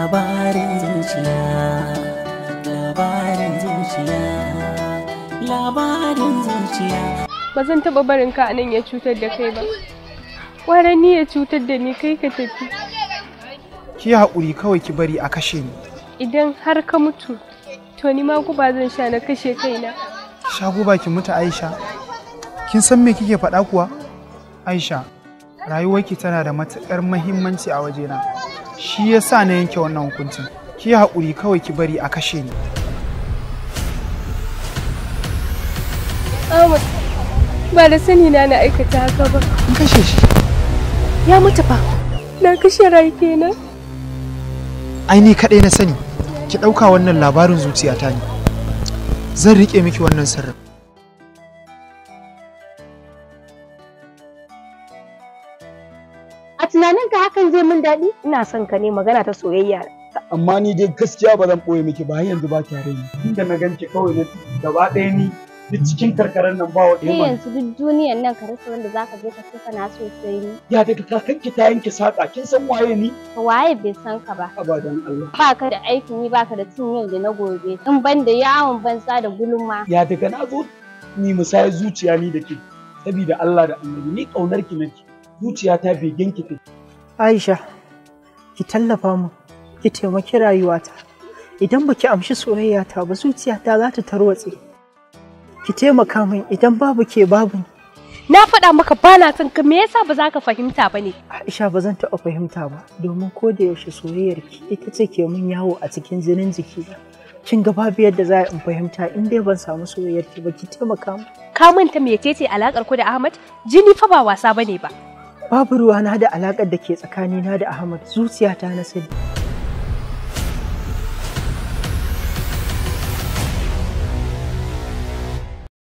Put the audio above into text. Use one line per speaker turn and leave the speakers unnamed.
labarin zuciya labarin zuciya
labarin zuciya ba zan taba barin ka anan ya cutar da kai ba wara ni ya cutar da ni kai ka tafi
ki haƙuri kawai ki bari a kashe ni
idan har ka mutu to ni ma guba zan sha na kashe kaina
sha guba ki mutu aisha kin san me kike faɗa kuwa aisha rayuwarki tana da matuƙar muhimmanci a wajena shi ya sa na yanke wannan hukuncin ki haƙuri kawai ki bari a kashe ni
ba da sani na na aikata haka ba in kashe shi ya mutu fa na kashe rai kenan
ai ni kaɗai na sani ki ɗauka wannan labarin zuciyata ne zan riƙe miki wannan sarrafa
A tunanin ka hakan zai min daɗi? Ina son ka ne magana ta
soyayya. Amma ni dai gaskiya ba zan ɓoye miki ba yanzu ba tare ni. Inda na ganki kawai na gaba ɗaya ni duk cikin karkarar nan ba wani. yanzu
duk duniyar nan ka rasa wanda zaka je ka kusa na sosai ni.
Ya daga kakanki ta yanke saƙa kin san waye ni?
Waye bai san ka ba.
Abadan Allah.
Ba ka da aikin yi ba ka da cin yau da na gobe. In ban da yawon banza da
gulma.
Ya daga na zo ni musayar zuciya ni da ke. Sabida Allah da annabi ni ƙaunar ki nake. zuciyata bai ginkite. Aisha, ki tallafa mu,
ki taimaki rayuwata. Idan baki amshi soyayyata ba zuciyata za ta tarwatse. Ki taimaka min idan babu ke babu Na faɗa maka bana
son ka me yasa ba za ka fahimta ba ne?
Aisha ba zan taɓa fahimta ba domin ko da yaushe soyayyarki ita ce ke mun yawo a cikin jinin jiki. Kin ga babu yadda za in fahimta in dai ban samu soyayyar ki ba ki taimaka min.
Ka manta mecece alakar ku da Ahmad? Jini fa ba wasa bane ba.
babu ruwa na da alaƙar da ke tsakanina da Ahmad zuciyata na sani.